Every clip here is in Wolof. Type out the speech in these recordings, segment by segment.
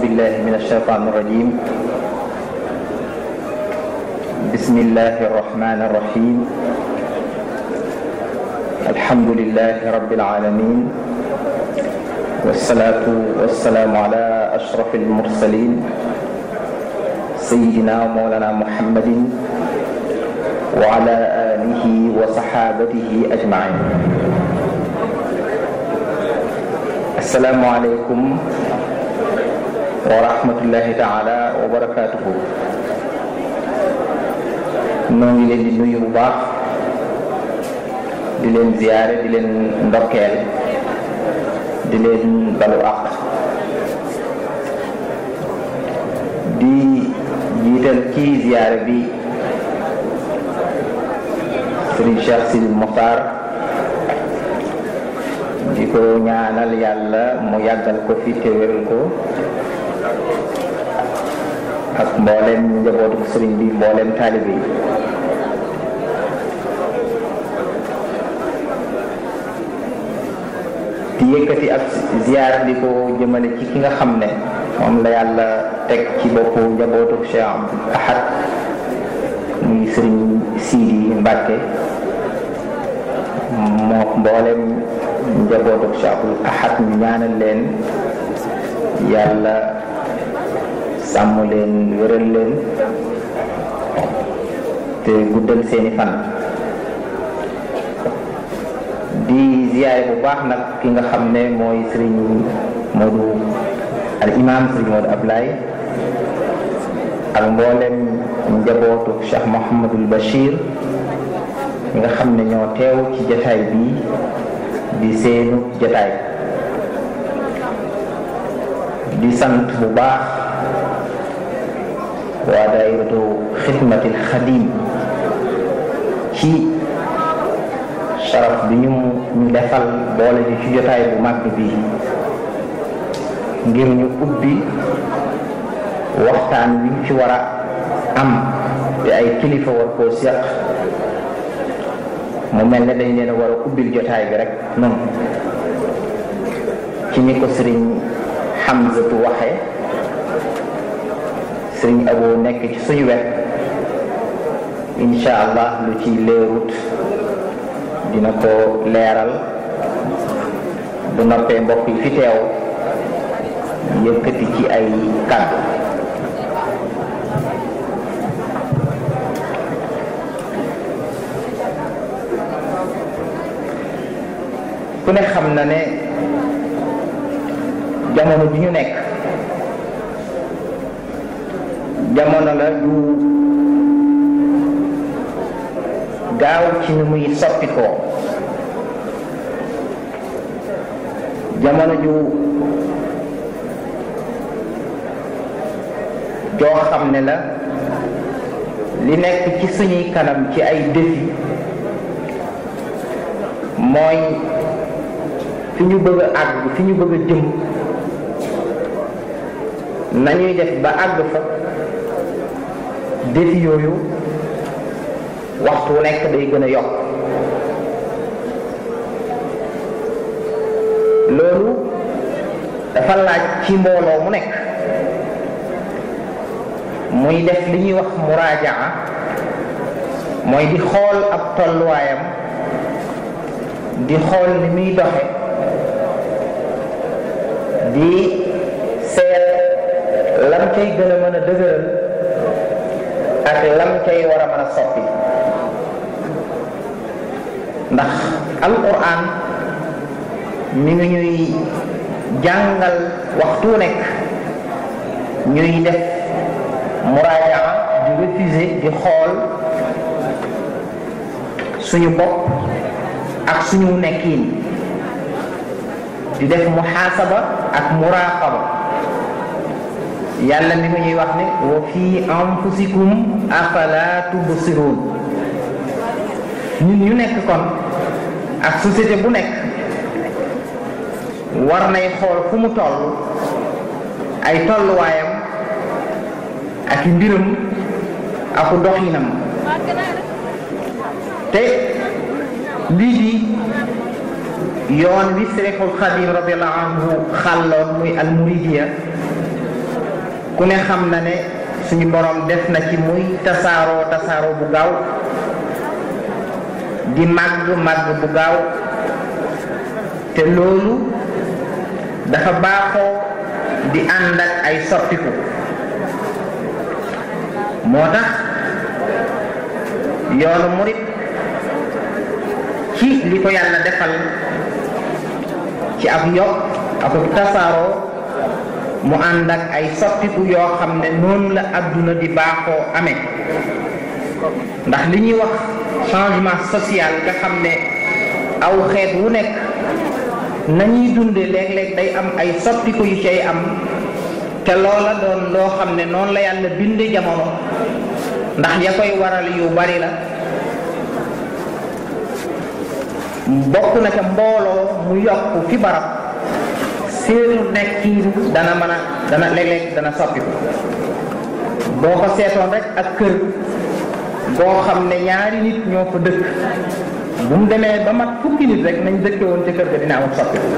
بالله من الشيطان الرجيم بسم الله الرحمن الرحيم الحمد لله رب العالمين والصلاة والسلام على أشرف المرسلين سيدنا مولانا محمد وعلى آله وصحابته أجمعين السلام عليكم wa rahmatullahi taala wa barakaatuhu noo di leen ziyaare di leen ndokkeel di leen balu àq di jiital kii ziyaare bi sëriñ Cheikh Sidi Mokhtar di ko ñaanal yàlla mu yàggal ko fi te ko ak mbooleem njabootu sëriñ bi mbooleem taalibe yi di ak ziar di ko jëmale ci ki nga xam ne moom la yàlla teg ci boppu njabootu Cheikh Abdou Ahad muy sëriñ Mbàkke moo mbooleem njabootu Cheikh Abdou Ahad ñaanal leen yàlla sàmm leen wéral leen te guddal seeni fan di ziyaare bu baax nag ki nga xam ne mooy sëriñ Modou al imam sëriñ Modou Ablaye ak mboolem njabootu Cheikh Mouhamadul Bachir nga xam ne ñoo teew ci jataay bi di seenu jataay di sant bu baax waa daayiratu xidmatil xadim ci saraf bi ñu ñu defal boole ji ci jotaay bu mag bi ngir ñu ubbi waxtaan wi ci war a am te ay kilifa war koo seq mu mel ne dañ leen war a ubbil jotaay bi rek noonu ci ni ko sëriñ Hamzatu waxe sëriñ Abo nekk ci suñu wet incha allah lu ci leerut dina ko leeral bu noppee mbokk yi fi teew yëkkati ci ay kàddu ku ne xam na ne jamono bi ñu nekk jamono la du gaaw ci ni muy soppi jamono ju joo xam ne la li nekk ci suñuy kanam ci ay défi mooy fi ñu bëgg a fi ñu bëgg a jëm nañuy def ba àgg fa défi yooyu waxtu wu nekk day gën a yokk loolu dafa laaj ci mbooloo mu nekk muy def li ñuy wax muraajaa mooy di xool ab tolluwaayam di xool ni muy doxe di seet lam cay gën a mën a dëgëral takallamta wa ramana soppi ndax alquran mi ngi ñuy jàngal waxtu nekk ñuy def muraajaa di refuser di xool suñu bopp ak suñu nekkin di def muhasaba ak muraqaba yàlla mi ngi ñuy wax ne wa fii anfusikum afala tubsirun ñun ñu nekk kon ak société bu nekk war nay xool fu mu toll ay tolluwaayam ak mbiram aku doxinam te lii di yoon wi Seexul Xadiim radiyallahu xàlloon muy almuridiya ku ne xam na ne suñu boroom def na ci muy tasaaroo tasaaroo bu gaaw di màgg màgg bu gaaw te loolu dafa baaxoo di ànd ak ay soppiku moo tax yoonu murit ci li ko yàlla defal ci ab yokk akub tasaaroo mu ànd ak ay soppiku yoo xam ne noonu la àdduna di baaxoo amee ndax li ñuy wax changement social nga xam ne aw xeet wu nekk nañuy dunde léeg-léeg day am ay soppiku yu cay am te loola doon loo xam ne noonu la yàlla binde jamono ndax ya koy waral yu bari la bokk na ca mbooloo mu yokk fi barab seenu nekkiin dana mën a dana léeg-léeg dana soppiku boo ko seetoon rek ak kër boo xam ne ñaari nit ñoo ko dëkk bu mu demee ba mat fukki nit rek nañ dëkke woon ca kër ga dina am soppiku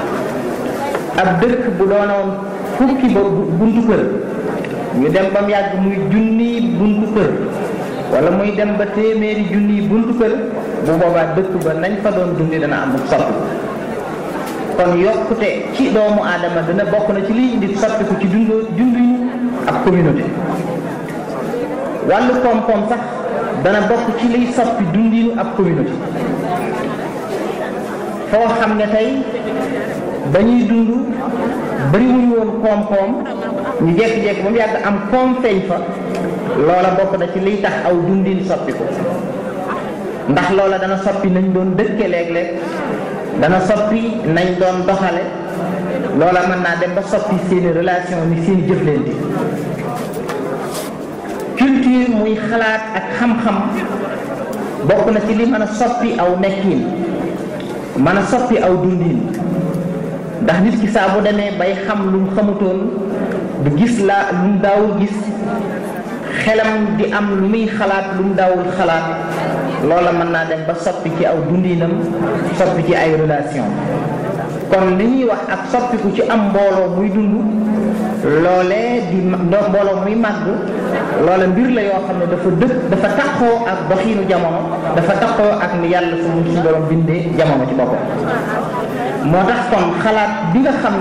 ab dëkk bu doonoon fukki ba buntu kër ñu dem ba mu yàgg muy junniy buntu kër wala muy dem ba téeméeri junniy buntu kër bu boobaa dëkk ba nañ fa doon dundi dana am soppiku kon yokkute ci doomu aadama dana bokk na ci liy indi soppiku ci dund dunduñu ak communauté wàllu koom-koom sax dana bokk ci liy soppi dundinu ab communauté foo xam ne tey dañuy dund bari wuñ woon koom-koom ñu jékki-jékki ba mu yàgg am koom feeñ fa loola bokk na ci liy tax aw dundin soppi ko ndax loola dana soppi nañ doon dëkke léeg-léeg dana soppi nañ doon doxale loola mën naa dem ba soppi seeni relation ni seeni jëflante culture muy xalaat ak xam-xam bokk na ci li mën a soppi aw nekkiin mën a soppi aw dundiin ndax nit ki saa bu demee bay xam lu mu xamutoon du gis la lu mu daawul gis xelam di am lu muy xalaat lu mu daawul xalaat lola man na dem ba soppi ci aw dundinam soppi ci ay relation kon li ñuy wax ak ku ci am mbolo muy dundu lolé di ndox mbooloo muy mag lolé mbir la yo xam dafa dekk dafa taxoo ak bakhinu jamono dafa taxoo ak ni yalla su mu suñu borom bindee jamono ci boppam motax kon xalaat bi nga xam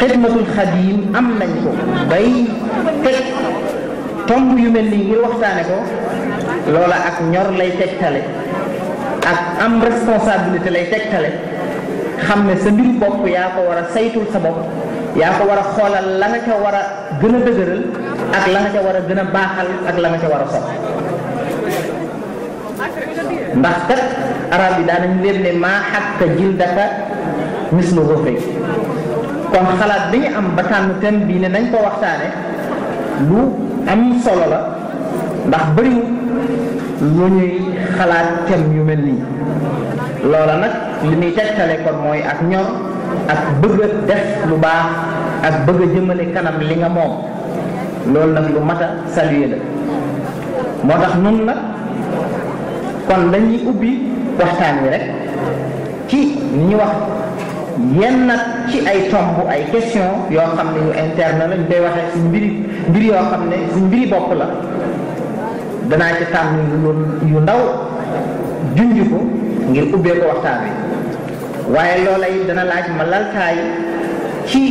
khidmatul khadim am nañ ko bay tek tomb yu melni ngir waxtane ko lola ak ñor lay tegtale ak am responsabilité lay tegtale xam ne sa mbir bopp ya ko wara saytul sa bopp ya ko wara xolal la nga ca wara gëna dëgeural ak la nga ca wara gëna baxal ak la nga ca wara a sopp ndax kat arab yi daanañ leen ne ma xàkka jildaka mislu rofey kon xalaat bi ñu am ba tànn thème bii ne nañ ko waxtaane lu am solo la ndax bëriwul lu ñuy xalaat thème yu mel nii loola nag li muy tegtale kon mooy ak ñor ak bëgg a def lu baax ak bëgg jëmmale kanam li nga moom loolu nag lu mat a la moo tax nun nag kon lañuy ubbi waxtaan wi rek ci ñu wax yenn nag ci ay tomb ay question yoo xam ne yu interne lañ day waxee ci mbiri mbir yoo xam ne ci mbiri bopp la danaa ci tànn yu yu ndaw junj ko ngir ubbee ko waxtaan wi waaye loola it dana laaj ma laltaay ci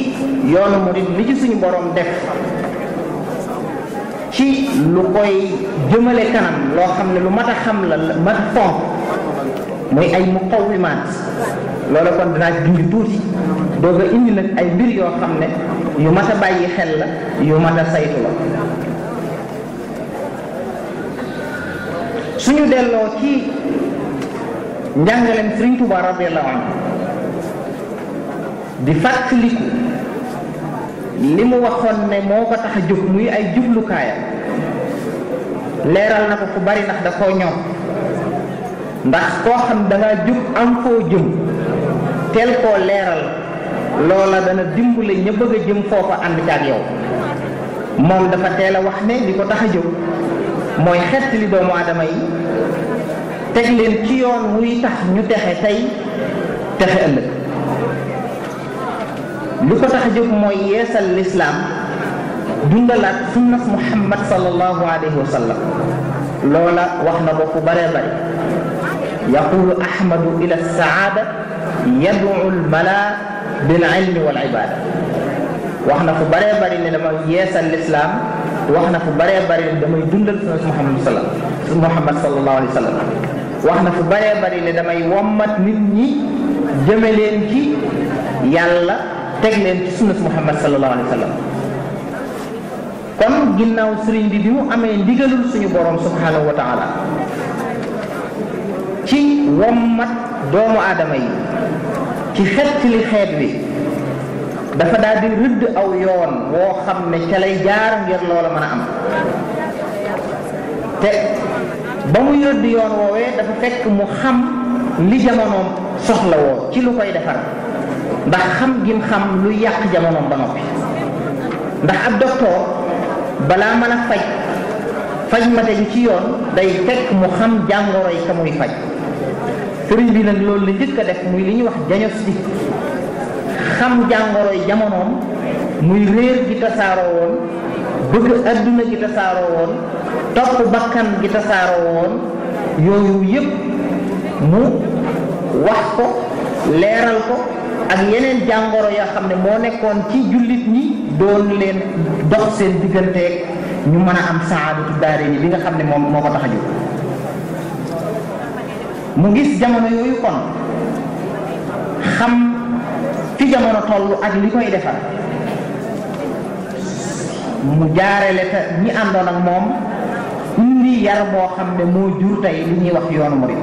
yoonu murid li ci suñu boroom def ci lu koy jëmale kanam loo xam ne lu mat a xam la mat fonk muy ay muqawimaat loola kon dinaa ci dindi tuuti doog a indi nag ay mbir yoo xam ne yu mas a bàyyi xel la yu mas a saytu la suñu delloo ci njàngalem sëriñ tuba radiallahu anhu di fàttaliku li mu waxoon ne moo ko tax a jóg muy ay jublukaayam leeral na ko fu bari ndax da koo ñoom ndax koo xam da ngaa am foo jëm teel koo leeral loola dana dimbale ña bëgg a jëm foofa ànd ca ak yow moom dafa teel a wax ne li ko tax a jóg mooy xett li doomu aadama yi teg leen ci yoon muy tax ñu texe tey texe ëllëg lu ko tax a jóg mooy yeesal lislaam dundalaat sunnas muhammad sallallahu alayhi wa sallam loola wax na ko ku bare bare ahmadu ila saada يدعو الملا بالعلم والعبادة واحنا في بري بري لما يس الإسلام واحنا في بري بري لما يدل محمد صلى الله عليه محمد صلى الله عليه وسلم واحنا في بري بري لما يومت مني جملين كي يلا تجلين سنة محمد صلى الله عليه وسلم kon ginnaaw sëriñ bi bi mu amee ndigalul suñu borom subhanahu wa taala ci wommat doomu aadama yi ci xett li xeet wi dafa daal di rëdd aw yoon woo xam ne ca lay jaar ngir loola mën a am te ba mu rëdd yoon woowee dafa fekk mu xam li jamonoom soxla woo ci lu koy defar ndax xam gim xam lu yàq jamonoom ba noppi ndax ab docteur balaa mën a faj faj mate ji ci yoon day fekk mu xam jàngoro yi ka muy faj sëriñ bi nag loolu la njëkk a def muy li ñuy wax si xam jàngoroy jamonoom muy réer gi tasaaroo woon bëgg adduna gi tasaaroo woon topp bakkan gi tasaaroo woon yooyu yépp mu wax ko leeral ko ak yeneen jàngoro yoo xam ne moo nekkoon ci jullit ñi doon leen dox seen digganteeg ñu mën a am saadatu daare ni li nga xam ne moom moo ko tax a jóg mu gis jamono yooyu kon xam fi jamono toll ak li koy defar mu jaarele te ñi àndoon ak moom indi yar moo xam ne moo jur tey li ñuy wax yoonu murid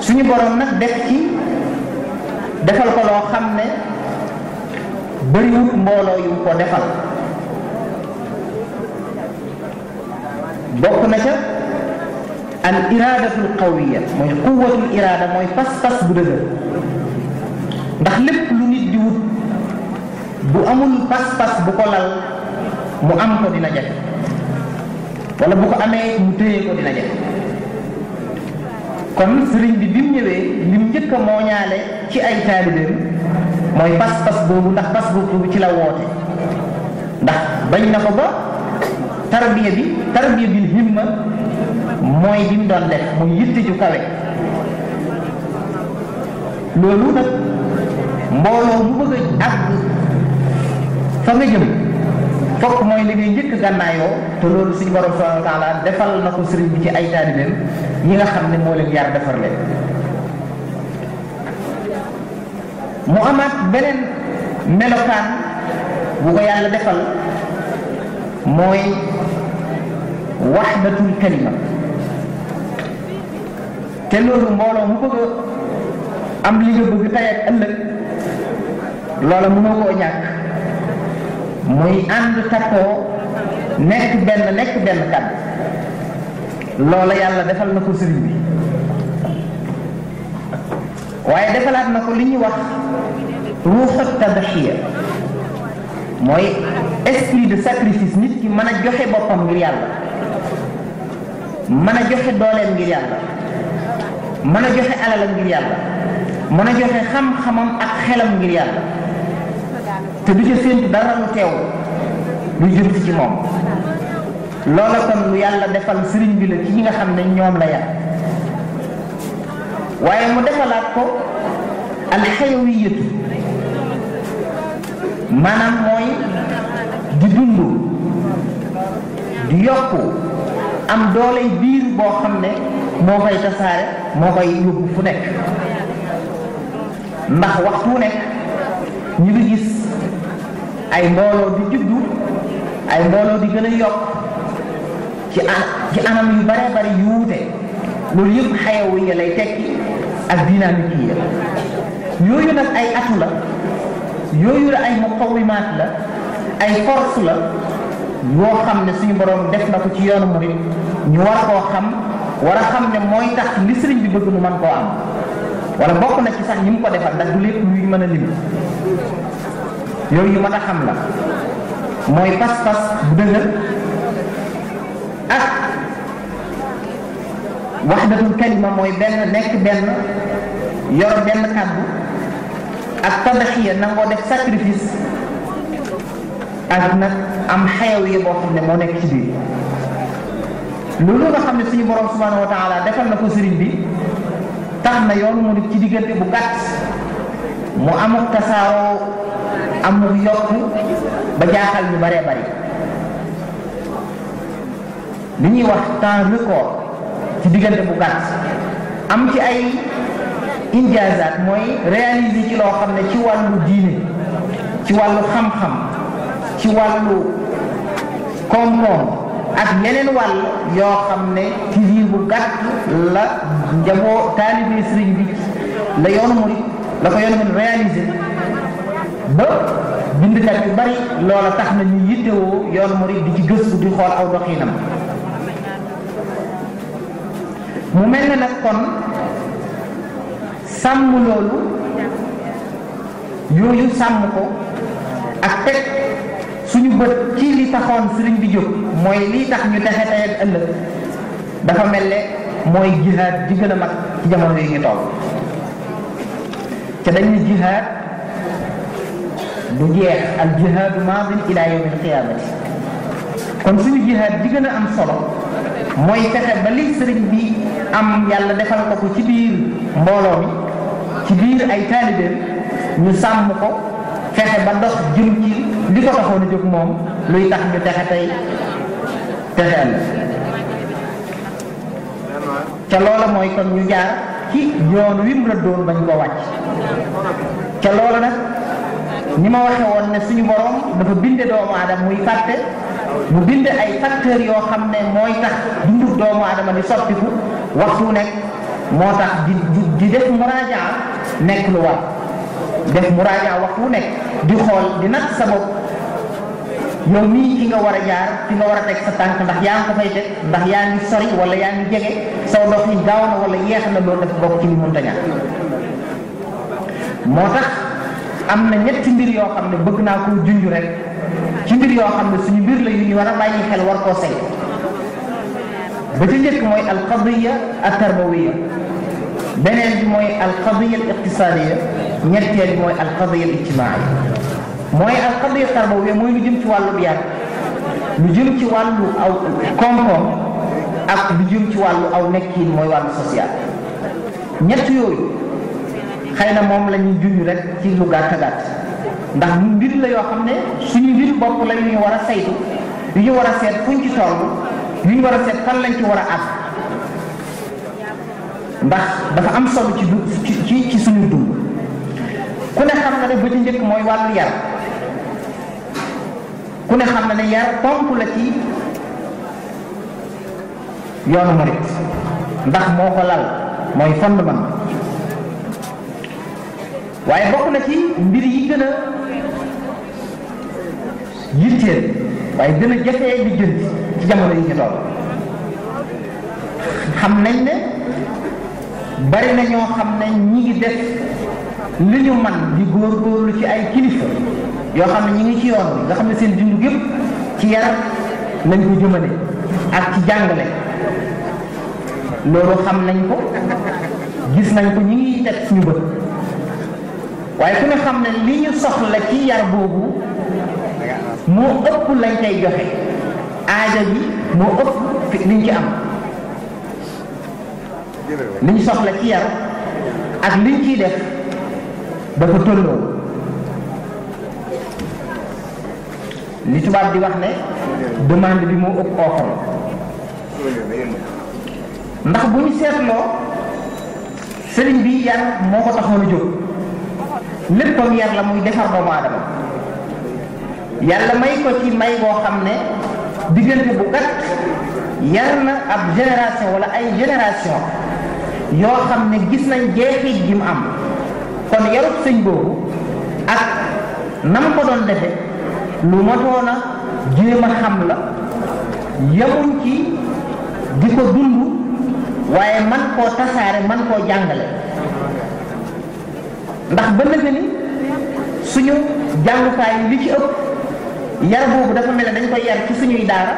suñu boroom nag def ci defal ko loo xam ne bëriwut mbooloo yu ko defal bokk na ca al iradatul qawiyya mooy quwwatul irada mooy fas-fas bu dëgër ndax lépp lu nit di wut bu amul fas-fas bu ko lal mu am ko dina jafe wala bu ko amee mu téye ko dina jafe kon sëriñ bi bi mu ñëwee lim njëkk a mooñaale ci ay taalibeem mooy pas-pas bu ndax pas boobu ci la woote ndax bañ na ko ba tarbiya bi tarbiya himma mooy bi mu doon def mu yitte ju kawe loolu nag mbooloo mu bëgg a fa nga jëm fokk mooy li ngay njëkk gànnaayoo te loolu suñu borom subhanahu wa taala defal na ko sëriñ bi ci ay taalibeem ñi nga xam ne moo leen yar defar leen mu amaat beneen melokaan bu ko yàlla defal mooy wahdatul kalima té lolu mbolo mu bëgg am li nga bëgg tay ak ëlëk lolu mënoo koo ñak muy and takko nek ben nek ben kat lolu yalla defal nako sëriñ bi waye defalat nako li ñi wax ruuxu tadaxiya mooy esprit de sacrifice nit ki mëna joxe bopam ngir yalla mëna joxe dooleem ngir yalla mën a joxe alalam ngir yàlla mën a joxe xam-xamam ak xelam ngir yàlla te du ca séentu dara lu teew lu jëm ci moom loola kon lu yàlla defal sëriñ bi la ci nga xam ne ñoom la yar waaye mu defalaat ko alxayawiyatu maanaam mooy di dund di yokku am doole biir boo xam ne moo fay tasaare moo koy yóbbu fu nekk ndax waxtu nekk ñu ngi gis ay mbooloo di juddu ay mbooloo di gën a yokk ci a ci anam yu bare bari loolu yëpp xayawu ya lay tekki ak dynamique yooyu nag ay atu la yooyu la ay muqawimaat la ay force la yoo xam ne suñu boroom def na ci yoonu murid ñu war koo xam war a xam ne mooy tax li sëriñ bi bëgg mu man koo am wala bokk na ci sax yi mu ko defal ndax du lépp luy mën a lim yooyu yu mën a am la mooy pas-pas bu dëgër ak waxdatul kalima mooy benn nekk benn yor benn kàddu ak tadaxiya nangoo def sacrifice ak nag am xeyaw yi boo xam ne moo nekk ci biir loolu nga xam ne suñu borom subhanahu wa taala defal na ko sëriñ bi tax na yoon mu ci diggante bu gàtt mu amuk tasaaroo amuk yokk ba jaaxal ñu bëree bëri li ñuy wax temps record ci diggante bu gàtt am ci ay injaazaat mooy réaliser ci loo xam ne ci wàllu diine ci wàllu xam-xam ci wàllu koom-koom ak yeneen wàll yoo xam ne ci biir bu gàtt la njaboo taalibe sëriñ bi la yoonu murid la ko yoonu murid réalisé ba bindkat yu bari loola tax na ñu yittewoo yoonu murid di ci gëstu di xool aw doxiinam mu mel ne nag kon sàmm loolu yooyu sàmm ko ak teg bët ci li taxoon sëriñ bi jóg mooy lii tax ñu texe tey ak ëllëg dafa mel ne mooy jihaad ji gën a mag ci jamono yi ñu toll dañuy jihaad du jeex al jihaadu maadin ila yawmi alqiyaamati kon suñu jihaad ji gën a am solo mooy fexe ba li bi am yàlla defal ko ko ci biir mbooloo ci biir ay taalibeem ñu sàmm ko fexe ba dox jëm ci li ko taxoon a jóg luy tax ñu texe tay texeel ca loola moy kon ñu jaar ci yoon wi mu doon bañ ko wacc ca loola nak ni ma waxe won ne suñu borom dafa binde doomu adam muy fàtte mu bind ay facteur yo xam moy tax dundub doomu adam ni soppi ko waxtu nek moo tax di def muraja nek lu wa def muraja waxtu nek di xol di nag sa bopp yow mii fi nga war a jaar fi nga war a teg sa tànk ndax yaa ngi ko teg ndax yaa ngi sori wala yaa ngi jege saw dox yi gaaw na wala yeex na loolu dafa bokk ci li mënta ñàkk moo tax am na ñetti mbir yoo xam ne bëgg naa ko junj rek ci mbir yoo xam ne suñu mbir la yu ñu war a bàyyi xel war koo say ba ci njëkk mooy alqadiya altarbawiya beneen bi mooy alqadiya al iqtisadiya ñetteel bi mooy alqadiya al ijtimaaiya mooy alqadiya tarbawiyya mooy lu jëm ci wàllu yar lu jëm ci wàllu aw koom-koom ak lu jëm ci wàllu aw nekkiin mooy wàllu social ñett yooyu xëy na moom la ñuy junj rek ci lu gàtt gàtt ndax mbir la yoo xam ne suñu mbir bopp la yu ñu war a saytu yu ñu war a seet fuñ ci toll yu ñu war a seet fan lañ ci war a am ndax dafa am solo ci du ci ci suñu dund ku ne xam na ne ba njëkk mooy wàllu yar. ku ne xam na ne yar ponk la ci yoonu murit ndax moo ko lal mooy fondement waaye bokk na ci mbir yi gën a yitteel waaye gën a jafee bi jënd ci jamono yi ci toll xam nañ ne bari na ñoo xam ne ñi ngi li ñu man di góorgóorlu ci ay kilifa yoo xam ne ñu ngi ci yoon bi nga xam ne seen dund gépp ci ko jëmale ak ci jàngale loolu xam nañ ko gis nañ ko ñu ngi teg suñu waaye ku ne xam ne li ñu soxla ci boobu moo ëpp lañ kay joxe aaja bi moo ëpp liñ ci am liñ soxla ci yar ak liñ ciy def dafa tolloo li tubaab bi wax ne demande bi moo ëpp offre ndax bu ñu seetloo sëriñ bi yar moo ko taxoon a ko léppam yar la muy defar doomu aadama yàlla may ko ci may boo xam ne diggante bu gàtt yar na ab génération walla ay génération yoo xam ne gis nañ jeexit gi mu am kon yarut sëñ boobu ak nam ko doon defe lu matoon a jéem xam la yemuñ ci di ko dund waaye man koo tasaare man koo jàngale ndax ba nëgë ni suñu jàngukaay li ci ëpp yar boobu dafa mel ne dañ koy yar ci suñuy daara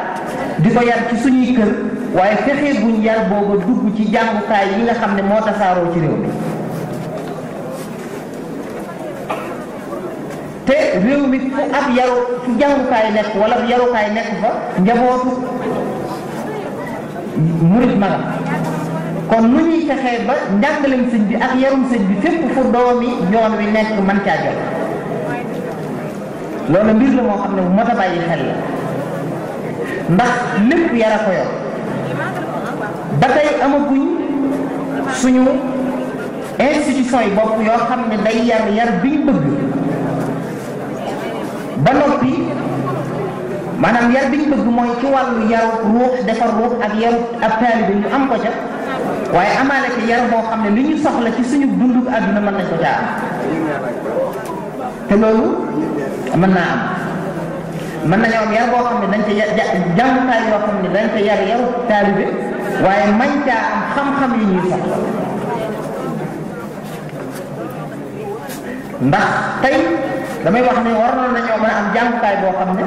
di ko yar ci suñuy kër waaye fexe buñ yar boobu dugg ci jàngukaay yi nga xam ne moo tasaaroo ci réew mi te réew mi fu ab yaru fu jàngukaay nekk wala yarukaay nekk fa njabootu murit ma kon nu ñuy fexee ba njàngaleem sëñ bi ak yarum sëñ bi fépp fu doomi yoon wi nekk mën caa jot loolu mbir la moo xam ne ma a bàyyi xel la ndax lépp yara ko yor ba tey amaguñ suñu institution yi bopp yoo xam ne day yar bi ñu maanaam yar bi ñu bëgg mooy ci wàllu yaru ruux defar ruux ak yaru ab taalibe am ko waaye amaale ci yar boo xam ne li ñu soxla ci suñu dundug àdduna mën nañ ko caa am te loolu mën naa am mën nañoo am yar boo xam ne dañ ca ja jàngukaay yoo xam ne dañ ca yar yaru taalibe waaye mañ caa am xam-xam yi ñuy soxla ndax tey damay wax ne waroon nañoo mën a am jàngukaay boo xam ne.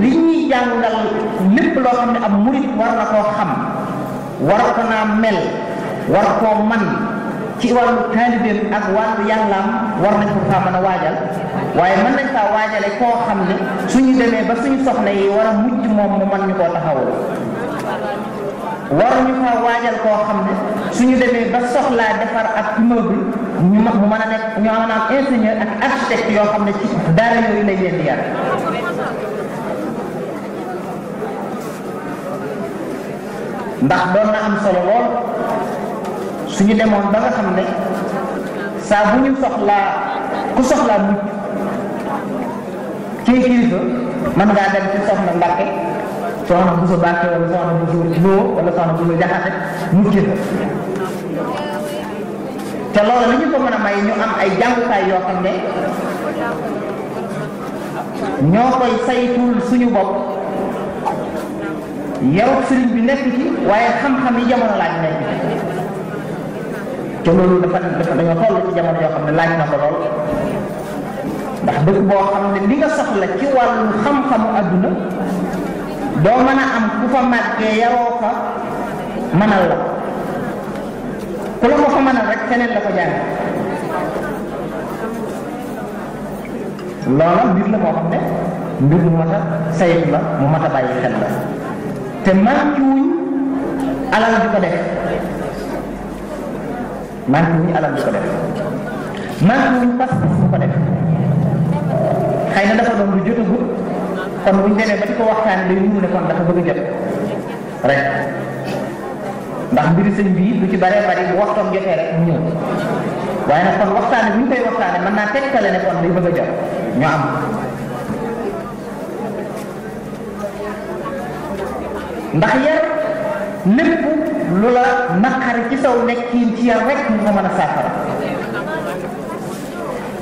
li ñuy jàngal lépp loo xam ne ab murit war na koo xam war ko naa mel war koo man ci wàllu taalibeem ak wàllu yàllaam war nañ ko faa mën a waajal waaye mën nañ faa waajale koo xam ne suñu demee ba suñu soxla yi war a mucc moom mu mën ñu koo taxawal war ñu faa waajal koo xam ne suñu demee ba soxla defar ak immeuble ñu mu mën a nekk ñoo a ingénieur ak architecte yoo xam ne ci daara yooyu lay leen di ndax doon na am solo lool suñu demoon ba nga xam ne saa bu ñu soxlaa ku soxlaa mucc kii kilifa mën ngaa dem ci soxna Mbàkke soxna Bousso Mbàkke wala soxna Bousso Lo wala soxna Bousso Jaxate mucc fa te loolu li ñu ko mën a may ñu am ay jàngukaay yoo xam ne ñoo koy saytul suñu bopp yarut sëriñ bi nekk ci waaye xam-xam yi jamono laaj nekk ci te loolu dafa dafa dañoo toll ci jamono yoo xam ne laaj na ko lool ndax dëkk boo xam ne li nga soxla ci wàllu xam-xamu àdduna doo mën a am ku fa màggee yaroo fa mënal la ku la ko fa mënal rek feneen la ko jàng loola mbir la moo xam ne mbir mu mat a saytu la mu mat a bàyyi xel la te manqué wuñ alal di ko def manqué wuñ alal di ko def manqué wuñ pas di ko def xayna dafa doon lu bu kon buñ demee ba di ko day ñu ne kon dafa bëgg jot rek ndax mbiri sëñ bi du ci bare bari bu waxtoom jotee rek mu ñëw waaye nag kon waxtaane buñ koy waxtaane mën naa tegtale ne kon day bëgg jot ñu am ndax yar lépp lu la naqari ci saw nekkiin ci yar rek mu ko mën a saafara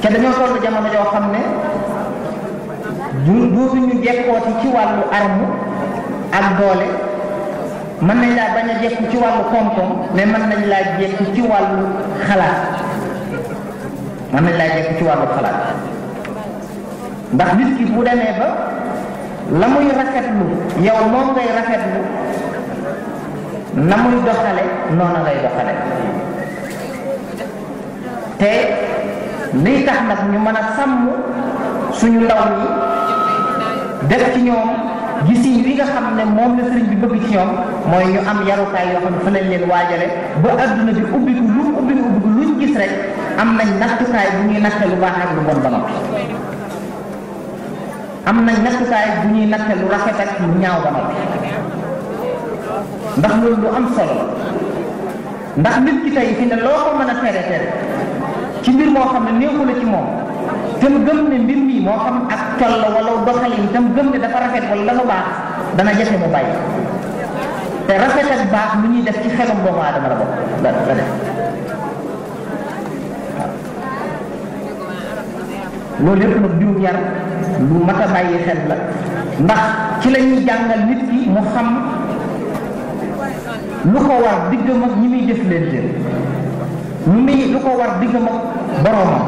te dañoo toll jamono joo xam ne bu dootuñu jekkooti ci wàllu arme ak boole mën nañ laa bañ a jekku ci wàllu koom-koom mais mën nañ laa jekku ci wàllu xalaat mën nañ laa jekku ci wàllu xalaat ndax nit ki bu demee ba la muy rafetlu yow moom ngay rafetlu na muy doxale noonu ngay doxale te liy tax nag ñu mën a sàmm suñu ndaw ñi def ci ñoom gisiñ bi nga xam ne moom la sëriñ bi bëgg ci ñoom mooy ñu am yarukaay yoo xam ne fa lañ leen waajale ba adduna bi ubbiku lu mu ubbiku ubbiku luñ gis rek am nañ nattukaay bu ñuy natte lu ak lu bon ba noppi am nañ nattukaay bu ñuy natte lu rafet ak lu ñaaw ba ndax loolu lu am solo ndax nit ki tey ne loo ko mën a tere tere ci mbir moo xam ne néewu la ci moom te mu gëm ne moo xam ak col la wala doxalin te mu ne dafa rafet wala dafa dana jafe mu bàyyi te rafet ak baax lu ñuy def ci xelum doomu aadama la bokk la la def waaw loolu yëpp nag diw lu mat a bàyyi xel la ndax ci la ñuy jàngal nit ki mu xam lu ko war diggam ak ñi muy def leen leen ñu muy lu ko war diggam ak boroomam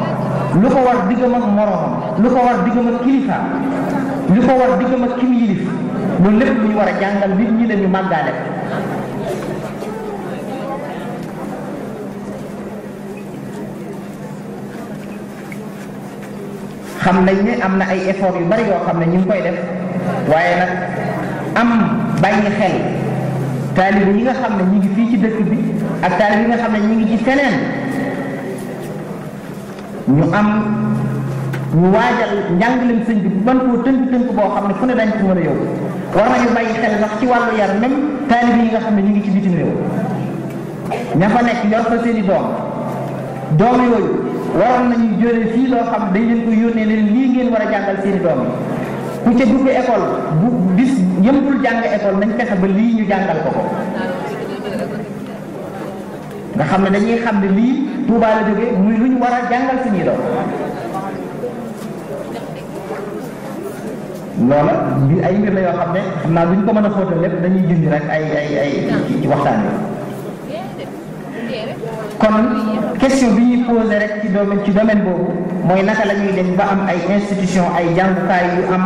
lu ko war diggam ak moroomam lu ko war diggam ak kilifaam lu ko war diggam ak kim yilif loolu lépp lu ñu war a jàngal nit ñi la màggaale xam nañ ne am na ay effort yu bari yoo xam ne ñu ngi koy def waaye nag am bàyyi xel taalib yi nga xam ne ñu ngi fii ci dëkk bi ak yi nga xam ne ñu ngi ci feneen ñu am ñu waajal njàngaleem sëñ bi ban koo tënk-tënk boo xam ne fu ne dañ ko mën a yóbbu war nañu bàyyi xel ndax ci wàllu yar même taalib yi nga xam ne ñu ngi ci bitim réew ña fa nekk yor fa seen doom doom yooyu na nañu jóge fii loo xam dañ leen ko yónnee ne lii ngeen war a jàngal seeni doom yi ku ca dugg école bu bis yëmbul jàng école nañ fexe ba lii ñu jàngal ko ko nga xam ne dañuy xam ne lii Tuuba la jóge muy lu ñu war a jàngal suñuy doom loola bi ay mbir la yoo xam ne xam naa duñ ko mën a xóotal lépp dañuy jënd rek ay ay ay waxtaan bi kon question bi ñuy posé rek ci domaine ci domaine boobu mooy naka la ñuy def ba am ay institution ay jàngukaay yu am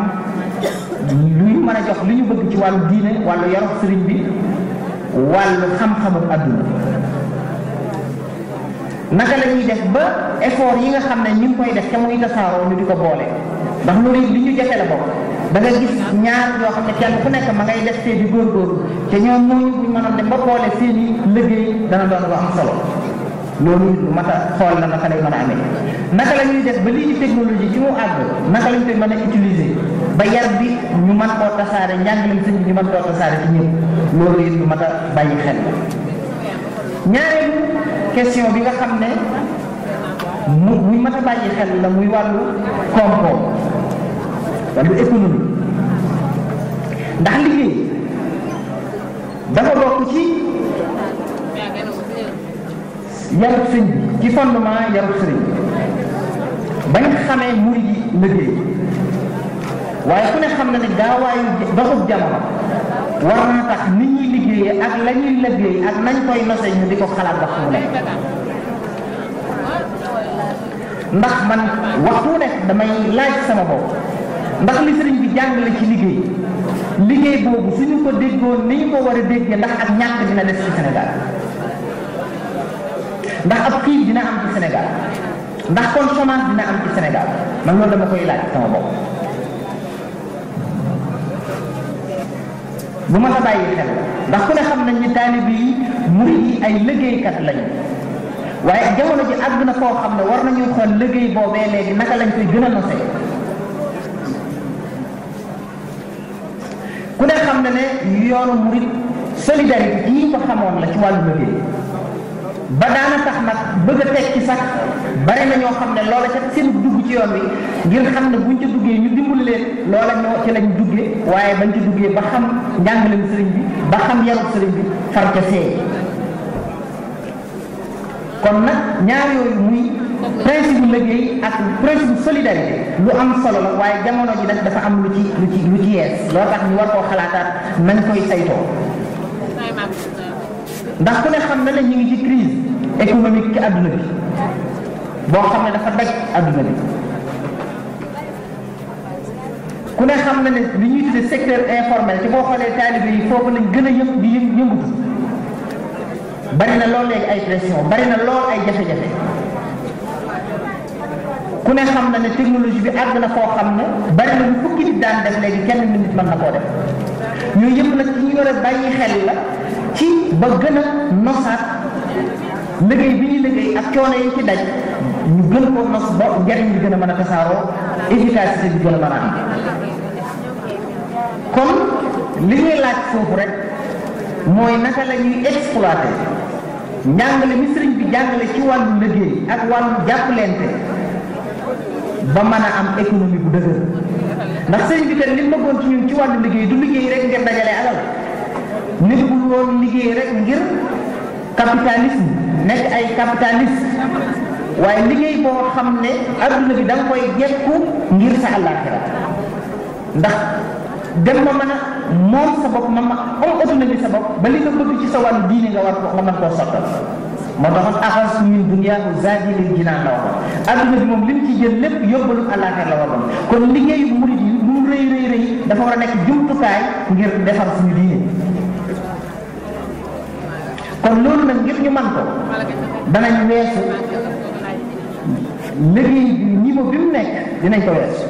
lu ñu mën a jox lu ñu bëgg ci wàll diine wàllu yaru sëriñ bi wàllu xam-xamu adduna naka la ñuy def ba effort yi nga xam ne ñu ngi koy def te muy tasaaroo ñu di ko boole ndax loolu li ñu jafe la bokk da ñaar yoo xam ne kenn ku nekk ma ngay def see di góorgóorlu te ñoom ñooñu buñ mënoon dem ba boole seen i liggéey dana doon lu am solo. loolu lu mat a xool la naka lay mën a amee naka la ñuy def ba lii ci technologie ci mu àgg naka lañ koy mën a utiliser ba yar bi ñu mën koo tasaare njàngaleem sëñ bi ñu mën koo tasaare ci ñëpp loolu it mat a bàyyi xel ñaareelu question bi nga xam ne mu muy mat a bàyyi xel la muy wàllu koom-koom wàllu économie ndax liggéey dafa bokk ci yarut sëñ bi ci fondement yarut sëriñ bañ xamee murid yi liggéey waaye ku ne xam na ne gaawaayu doxub jamono war na tax nit ñuy liggéeyee ak la ñuy liggéey ak nañ koy nose ñu di ko xalaat ba mu nekk ndax man waxtu nekk damay laaj sama bopp ndax li sëriñ bi jàngale ci liggéey liggéey boobu suñu ko déggoon ni ñu ko war a déggee ndax ak ñàkk dina des ci Sénégal ndax ab xiif dina am ci Sénégal ndax kon chômage dina am ci Sénégal man loolu dama koy laaj sama bopp bu ma sa bàyyi xel ndax ku ne xam nañ ni taalibe yi murid yi ay liggéeykat lañu waaye jamono ji àgg na foo xam ne war nañuy xool liggéey boobee léegi naka lañ koy gën a nose ku ne xam ne ne yoonu murid solidarité yi ko xamoon la ci wàllu liggéey ba daana tax nag bëgg a teg ci sax bari na ñoo xam ne loola ca seen dugg ci yoon bi ngir xam ne buñ ca duggee ñu dimbali leen loola ñoo ci lañ duggee waaye bañ ca duggee ba xam njàngaleen sëriñ bi ba xam yarub sëriñ bi far ca see kon nag ñaar yooyu muy principe liggéey ak principe solidarité lu am solo la waaye jamono ji nag dafa am lu ci lu ci lu ci yees loo tax ñu war koo xalaataat nañ koy saytoo ndax ku ne xam na ne ñu ngi ci crise économique ci àdduna bi boo xam ne dafa daj àdduna bi ku ne xam na ne li ñuy tuddee secteur informel ci boo xoolee taalibe yi foofu lañ gën a yëngu di yëngutu bari na lool léegi ay pression bari na lool ay jafe-jafe ku ne xam na ne technologie bi àgg na koo xam ne bari na lu fukki nit daan def léegi kenn nit mën na koo def yooyu yëpp nag ci ñu war a bàyyi xel la ci ba gën a nosaat liggéey bi ñuy liggéey ak coono yi ci daj ñu gën ko nos ba njariñ bi gën a mën a tasaaroo efficacité bi gën a mën a am kon li ñuy laaj foofu rek mooy naka la ñuy exploité njàngale mi sëriñ bi jàngale ci wàllu liggéey ak wàllu jàppalente ba mën am économie bu dëgër ndax sëriñ bi kat li mu bëggoon ci ñun ci wàllu liggéey du liggéey rek ngeen dajale alal nekkul woon liggéey rek ngir capitalisme nekk ay capitaliste waaye liggéey boo xam ne adduna bi da nga koy jekku ngir sa àllaaxira ndax dem ma mën a bopp ma li nga ci sa wàllu diine nga war ko nga mën koo sottal moo taxoon axas min duniyaahu zaadi lil jinaan la waxoon adduna bi moom li ci jël lépp yóbbalu àllaaxira la waxoon kon liggéeyu murid yi mu rëy rëy dafa war a nekk jumtukaay ngir defar suñu diine kon loolu nag ngir ñu man ko danañ weesu liggéey bi niveau bi mu nekk dinañ ko weesu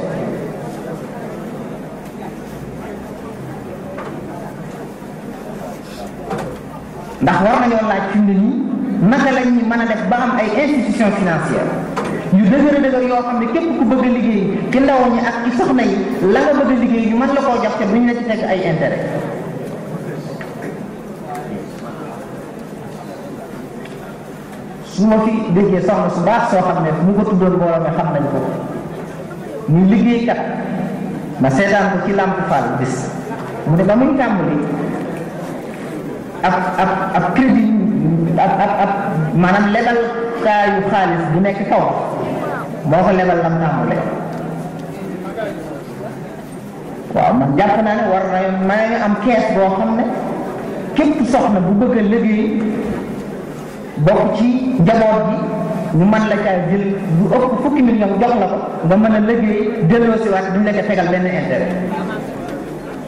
ndax war nañoo laaj fi mu ne nii naka la ñuy mën a def ba am ay institution financière yu dëgër dëgër yoo xam ne képp ku bëgg a liggéey ci ndaw ñi ak ci soxna yi la nga bëgg a liggéey ñu mën la koo jox bu ñu la ci teg ay intere su ma fi déggee soxna su baax soo xam ne mu ko tuddoon mbooloo mi xam nañ ko liggéey liggéeykat ma seetaan ko ci làmp Fall bis mu ne ba muy tàmbali ab ab ab ab ab ab maanaam lebal kaayu xaalis bu nekk kaw moo ko lebal lam tàmbale waaw man jàpp naa war may am kees boo xam ne képp soxna bu bëgg a liggéey bokk ci njaboot bi ñu mën la caa jël lu ëpp fukki million jox la ko nga mën a liggéey delloo si du duñ la ca tegal benn intérêt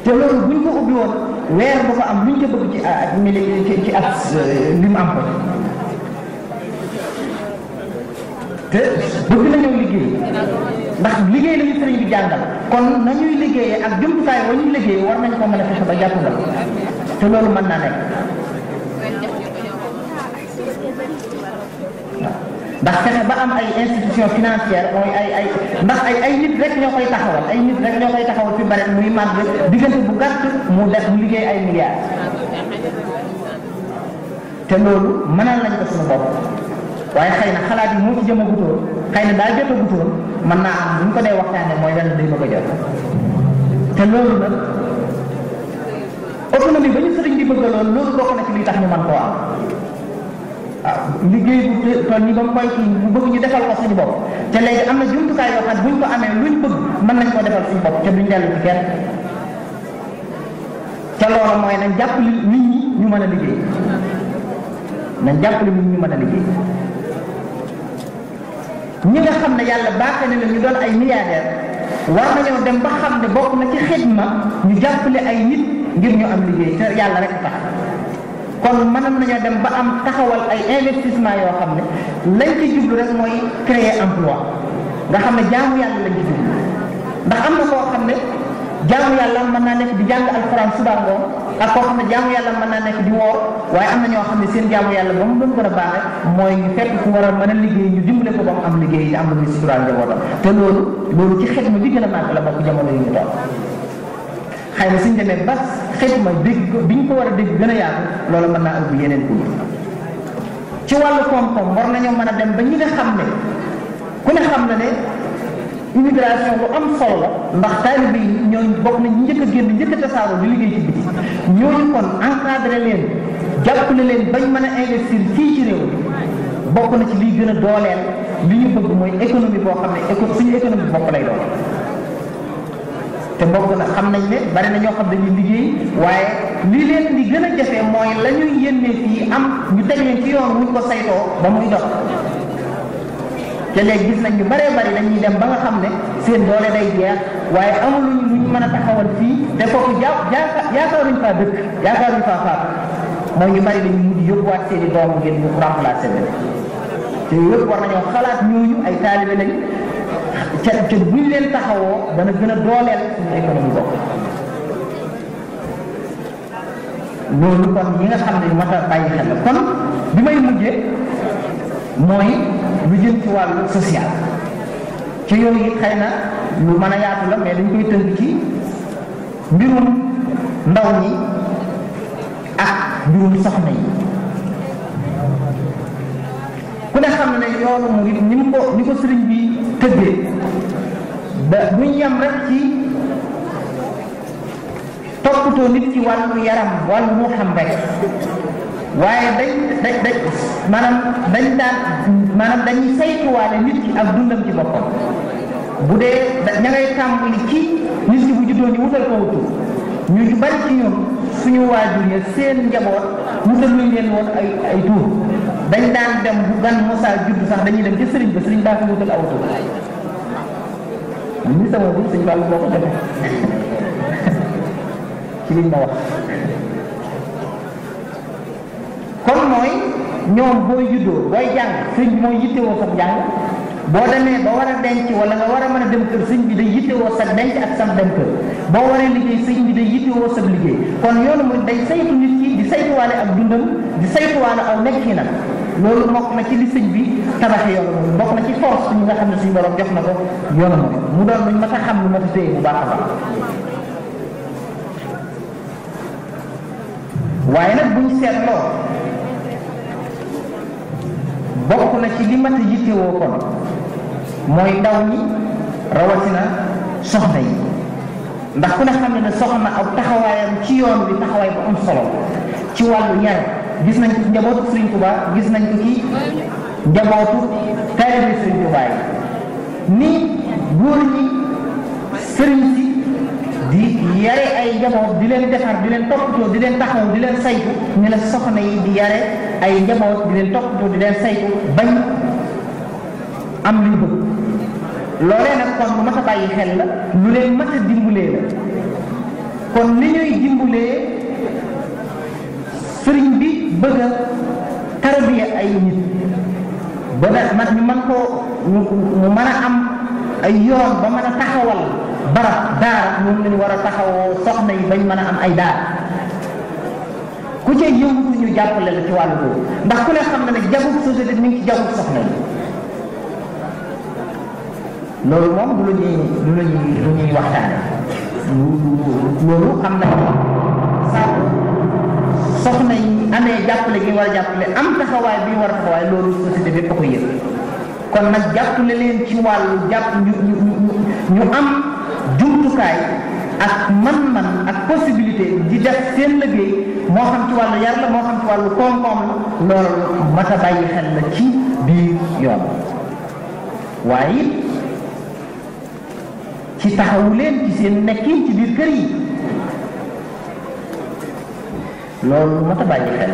te loolu buñ ko ubbi woon weer bu ko am luñ ca bëgg ci ak ah, mili euh, am ko te liggéey ndax liggéey la ñu sëriñ bi jàngal kon nañuy liggéeyee ak jumtukaay wa ñuy liggéey war nañ koo mën a fexe ba jàpp nga te loolu mën naa nekk ndax fexe ba am ay institution financière mooy ay ay ndax ay ay nit rek ñoo koy taxawal ay nit rek ñoo koy taxawal ci bare muy màgg diggante bu gàtt mu def mu liggéey ay milliards te loolu mënal nañ ko suñu bopp waaye xëy na xalaat yi moo ci jëm a xëy na daa jot mën naa am buñ ko waxtaane mooy ko jot te loolu nag autonomie ba ñu sëriñ di loolu bokk na ci tax ñu man am waaw liggéey bu toll ni ba koy kii bu bëgg ñu defal ko suñu bopp te léegi am na jumtukaay yoo xam ne buñ ko amee luñ bëgg mën nañ defal suñu bopp te duñ dellu ci loolu mooy nañ jàpp nit ñu mën a liggéey nañ jàpp nit ñi ñu mën a liggéey ñi nga xam ne yàlla baaxee na la ñu doon ay milliardaire war nañoo dem ba xam ne bokk na ci xidma ñu jàppale ay nit ngir ñu am liggéey te yàlla rek tax kon mënoon nañoo dem ba am taxawal ay investissement yoo xam ne lañ ci jublu rek mooy créer emploi nga xam ne jaamu yàlla lañ ci jublu ndax na koo xam ne jaamu yàlla mën naa nekk di jàng alxuraan suba ngoon ak koo xam ne jaamu yàlla mën naa nekk di woor waaye am na ñoo xam ne seen jaamu yàlla ba mu gën ko a baaxee mooy ñu fekk fu war a mën a liggéey ñu dimbale ko ba mu am liggéey te am lu muy suturaal njabootam te loolu loolu ci xet mi bi gën a màgg la bokk jamono yu ñu toll xëy na suñ demee ba xitma dégg bi ñu ko war a dégg gën a yaatu loolu mën naa ëpp yeneen ku ci wàllu koom-koom war nañoo mën a dem ba ñi nga xam ne ku ne xam na ne immigration lu am solo la ndax taalibe yi ñooñu bokk nañ njëkk a génn njëkk a tasaaroo di liggéey ci biti ñooñu kon encadré leen jàppale leen bañ mën a investir fii ci réew bokk na ci liy gën a dooleel li ñu bëgg mooy économie boo xam ne éco suñu économie bopp lay doon. te bokk na xam nañ ne bari na ñoo xam dañuy liggéey waaye li leen di gën a jafe mooy lañuy ñuy fii am ñu teg leen yoon wuñ ko saytoo ba muy dox te léegi gis nañ ñu bëree bari dañuy dem ba nga xam ne seen doole day jeex waaye amuluñ luñ mën a taxawal fii te foofu ja yaakaaruñ faa dëkk yaakaaruñ faa faatu mooy ñu bëri dañu mujj yóbbuwaat seen i doom ngeen ñu remplacer leen te yëpp war nañoo xalaat ñooñu ay taalibe lañ te te buñ leen taxawoo dana gën a dooleel suñu économie bopp loolu kon ñi nga xam ne ma a bàyyi xel la kon bi may mujjee mooy lu jëm ci wàllu social ci yooyu yi na lu mën a yaatu la mais dañ koy tënk ci mbirum ndaw ñi ak mbirum soxna yi ku ne xam ne yoonu mu ni ko ni ko sëriñ bi tëddee ba duñ yem rek ci toppatoo nit ci wàllu yaram wàllu mu xam rek waaye dañ dañ dañ maanaam dañ daan maanaam dañuy saytuwaale nit ki ak dundam bu dee ña ngay tàmbali ci bu juddoo ni wutal ko ñu suñu waajur ya seen njaboot wutal luñ leen woon ay ay tuur dañ daan dem bu gan mosaa judd sax dañuy dem ci sëriñ ba sëriñ baa ko wutal aw tur ñun sama bi suñu wàllu moo ko defee ci liñ ma wax kon mooy ñoom booy juddoo booy jàng sëñ bi mooy yittewoo sax jàng boo demee ba war a denc wala nga war a mën a dem kër sëñ bi day yittewoo sa denc ak sam dem kër boo waree liggéey sëñ bi day yittewoo sa liggéey kon yoonu mooy day saytu nit ki di saytuwaale ak dundam di saytuwaale aw nekkinam loolu bokk na ci li señ bi tabaxé yoro moom na ci force ñi nga xam suñu borom def nako yoro mo mu doon ñu mata xam lu mata sey bu baax ba waye nak buñu buñ bok na ci li mata wo kon moy ndaw ñi rawatina soxna yi ndax ku ne xamne ne soxna aw taxawayam ci yoon bi taxaway bu am solo ci walu ñaar gis nañ ko njabootu Serigne Touba gis nañ ko ci njabootu taalibe Serigne yi ni góor ñi Serigne si di yare ay njaboot di leen defar di leen toppatoo di leen taxaw di leen saytu ni la soxna yi di yare ay njaboot di leen toppatoo di leen saytu bañ am luñ bëgg loolee kon lu mat a bàyyi xel la lu leen mat a dimbulee la kon li ñuy dimbulee sëriñ bi bëgg a tarbiya ay nit ba nga nag ñu mën koo ñu am ay yoon ba mën a taxawal barab daara moom lañu war a taxawoo soxna yi bañ mën a am ay daara ku ca yëngu ñu jàppale la ci wàllu boobu ndax ku ne xam ne nag jagub société mi ngi ci jagub soxna yi loolu moom du la ñuy du la ñuy du ñuy waxtaane loolu xam nañ sax soxna yi amee jàppale gi war a jàppale am taxawaay bi war a taxawaay loolu société bi ko yëg kon nag jàppale leen ci wàllu jàpp ñu ñu ñu am jumtukaay ak man-man ak possibilité di def seen liggéey moo xam ci wàllu yar la moo xam ci wàllu koom-koom la loolu mat a bàyyi xel la ci biir yoon waaye ci taxawu leen ci seen nekkin ci biir kër yi loolu lu mat a bàyyi xel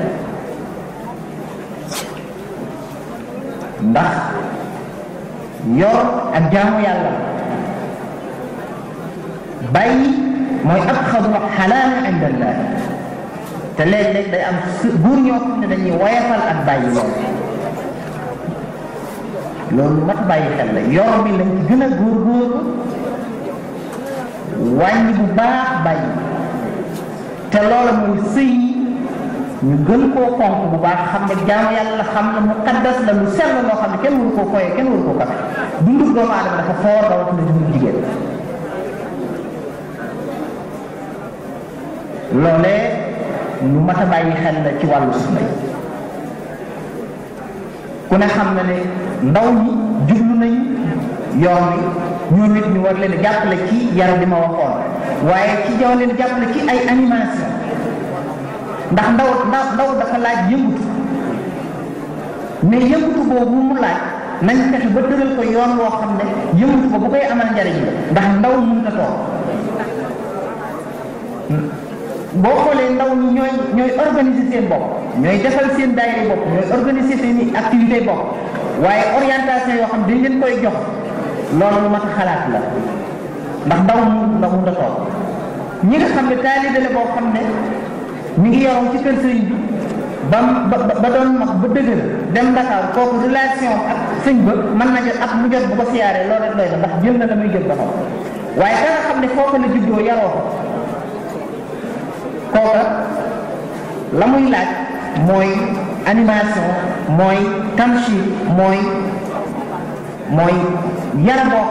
yor ak jaamu yàlla bàyyi mooy ab xadu xalaal indallah te léeg-léeg day am buur ñoo dañuy woyafal ak bàyyi loolu loolu lu mat a bàyyi la yor bi lañ ci gën a góorgóorlu wàññi bu baax bàyyi te loolu mooy ñu gën koo fonk bu baax xam ne jaamu yàlla xam ne mu qaddas la lu sell loo xam ne kenn waru koo foyee kenn waru koo kafe dundu doomu aadama dafa foor rawatina dundu a bàyyi ci wàllu sunna yi ne xam na ne ndaw ñi jublu nañ yoon wi ñoom it ñu war leen jàppale ci yar bi ma waxoon waaye ci jaw leen jàppale ci ay animation ndax ndaw ndaw ndaw dafa laaj yëngutu mais yëngutu boobu mu laaj nañ fexe ba tëral ko yoon woo xam ne yëngutu ko bu koy amal njariñ ndax ndaw mënut a toog boo xoolee ndaw ñi ñooy ñooy organiser seen bopp ñooy defal seen daayira bopp ñooy organiser seen i activité bopp waaye orientation yoo xam dañ leen koy jox loolu lu mat a xalaat la ndax ndaw mu ndaw mënut a toog ñi nga xam ne taalibe la boo xam ne mi ngi yow ci kër sëñ ba ba doon max ba dëgër dem Ndakaaru kooku relation ak sëñ ba mën na jot ak mu jot bu ko siyaaree loolu rek muy jël ba waaye ka xam ne foofu la juddoo yaroo ko kooka la muy laaj mooy animation mooy tamshi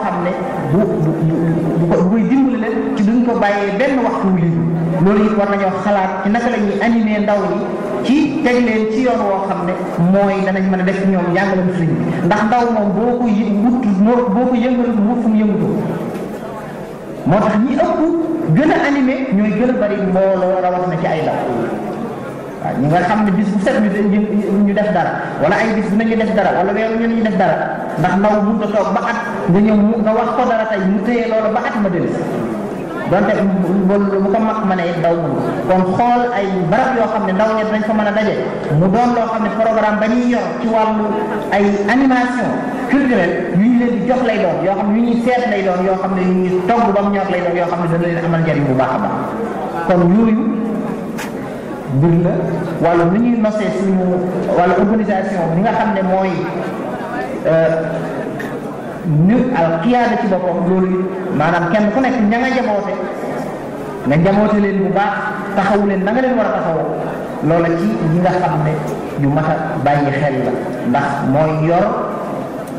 xam ne bu bu bu bu koy ko bàyyee benn waxtu wu loolu it war nañoo xalaat ci naka la ñuy ndaw yi ci teg leen ci yoon woo xam ne mooy danañ mën a def ñoom njàngalam sëriñ bi ndax ndaw moom boo ko wut boo ko yëngalu wut fu mu yëngatu na ci ay ndaw waaw ñu nga xam ne bis bu set ñu def dara wala ay bis bu nañu def dara wala weeru ñu ñu def dara ndax ndaw mun ko toog ba at nga ñëw nga wax ko dara tey mu téye loolu ba at ma dellu donte loolu lu ko mag mën a it ndaw mun kon xool ay barab yoo xam ne ndaw ñett dañ fa mën a daje mu doon loo xam ne programme ba ñuy yor ci wàllu ay animation culturelle yu ñu leen lay doon yoo xam ne yu ñuy seet lay doon yoo ba mu ñor lay doon yoo xam ne dana leen amal njariñ bu baax a baax kon yooyu mbir la wàllu nu ñuy nosee suñu wàllu bi nga xam ne mooy euh, ñu alxiyaada ci boppam loolu maanaam kenn ku nekk ña nga jaboote nga jaboote leen bu baax taxawu leen na nga leen war a taxawoo loola ci ñi nga xam ne ñu mat a bàyyi xel la ndax yor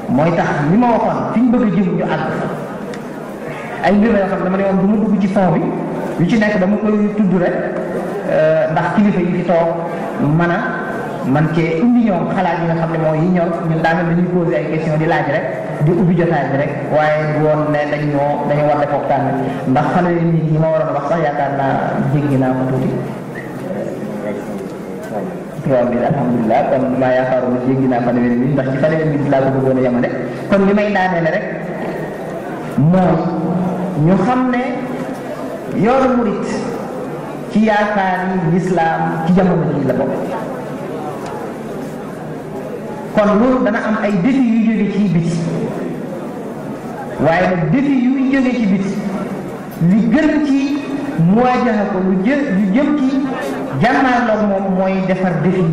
mooy tax li ma waxoon fi ñu bëgg ji jëm ñu àgg ay mbir la yoo xam dama ne woon du ma dugg ci fond bi yu ci nekk dama koy tudd rek euh, ndax kilifa yi fi toog mën a man cee indi ñoom xalaat yi nga xam ne mooy yi ñoom ñun daanaka dañuy posé ay di laaj rek di ubbi jotaay bi rek waaye woon ne dañ ñoo dañoo war def waxtaan ndax fanweeri nit ma waroon wax sax yaakaar naa jéggi naa ko tuuti. waaw bi alhamdulilah kon maa yaakaaroon jéggi naa fanweeri nit ndax ci fanweeri nit laa ko bëggoon a yemale kon li may daaneel rek moom ñu xam ne yoonu murit ci yaakaar yi lislaam ci jamono ji la bokk. kon loolu dana am ay défi yuy jóge ci biti waaye nag défi yuy jóge ci biti li gën ci muwaajaha ko lu jë lu jëm ci la moom mooy defar défi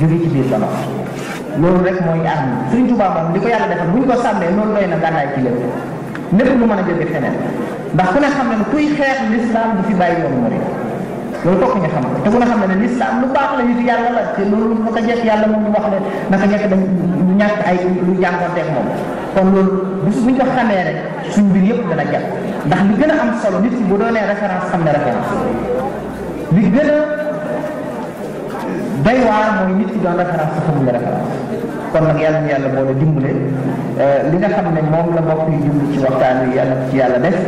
jóge ci biir loxo loolu rek mooy arme Sëriñ Tuubaa moom li ko yàlla defar buñ ko sàmmee loolu doy na gànnaay ci lépp lu mën a jóge feneen ndax ku ne xam ne kuy xeex lislaam du fi bàyyi yoonu loolu fokk ñu xam te ku ne xam ne ne lislaam lu baax la nitu yàlla la te loolu lu ko jekk yàlla moom lu wax ne naka jekk dañ lu ñàkk ay lu jàngoonteeg moom kon loolu bu ñu ko xamee rek suñ mbir yëpp dana jàpp ndax li gën a am solo nit ki bu doonee référence xam ne référence li gën a doy waar mooy nit ki doon référence sa xamul référence kon nag yàlla na yàlla boole dimbale eh, li nga xam ne moom la mbokk yi jublu ci waxtaan wi yàlla ci yàlla def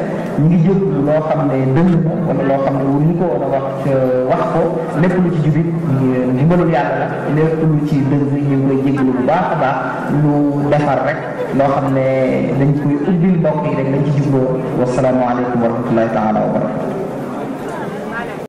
ñu ngi jóg loo xam ne dëng na loo xam ne waruñu ko war wax euh, wax ko lépp lu ci jubit ndimbalul yàlla la lépp lu ci dëng ñu ngi koy jégalu bu baax a lu defar rek loo xam ne dañ koy ubbil mbokk yi rek lañ ci jubloo wasalaamaaleykum wa rahmatullahi taala wa barakatu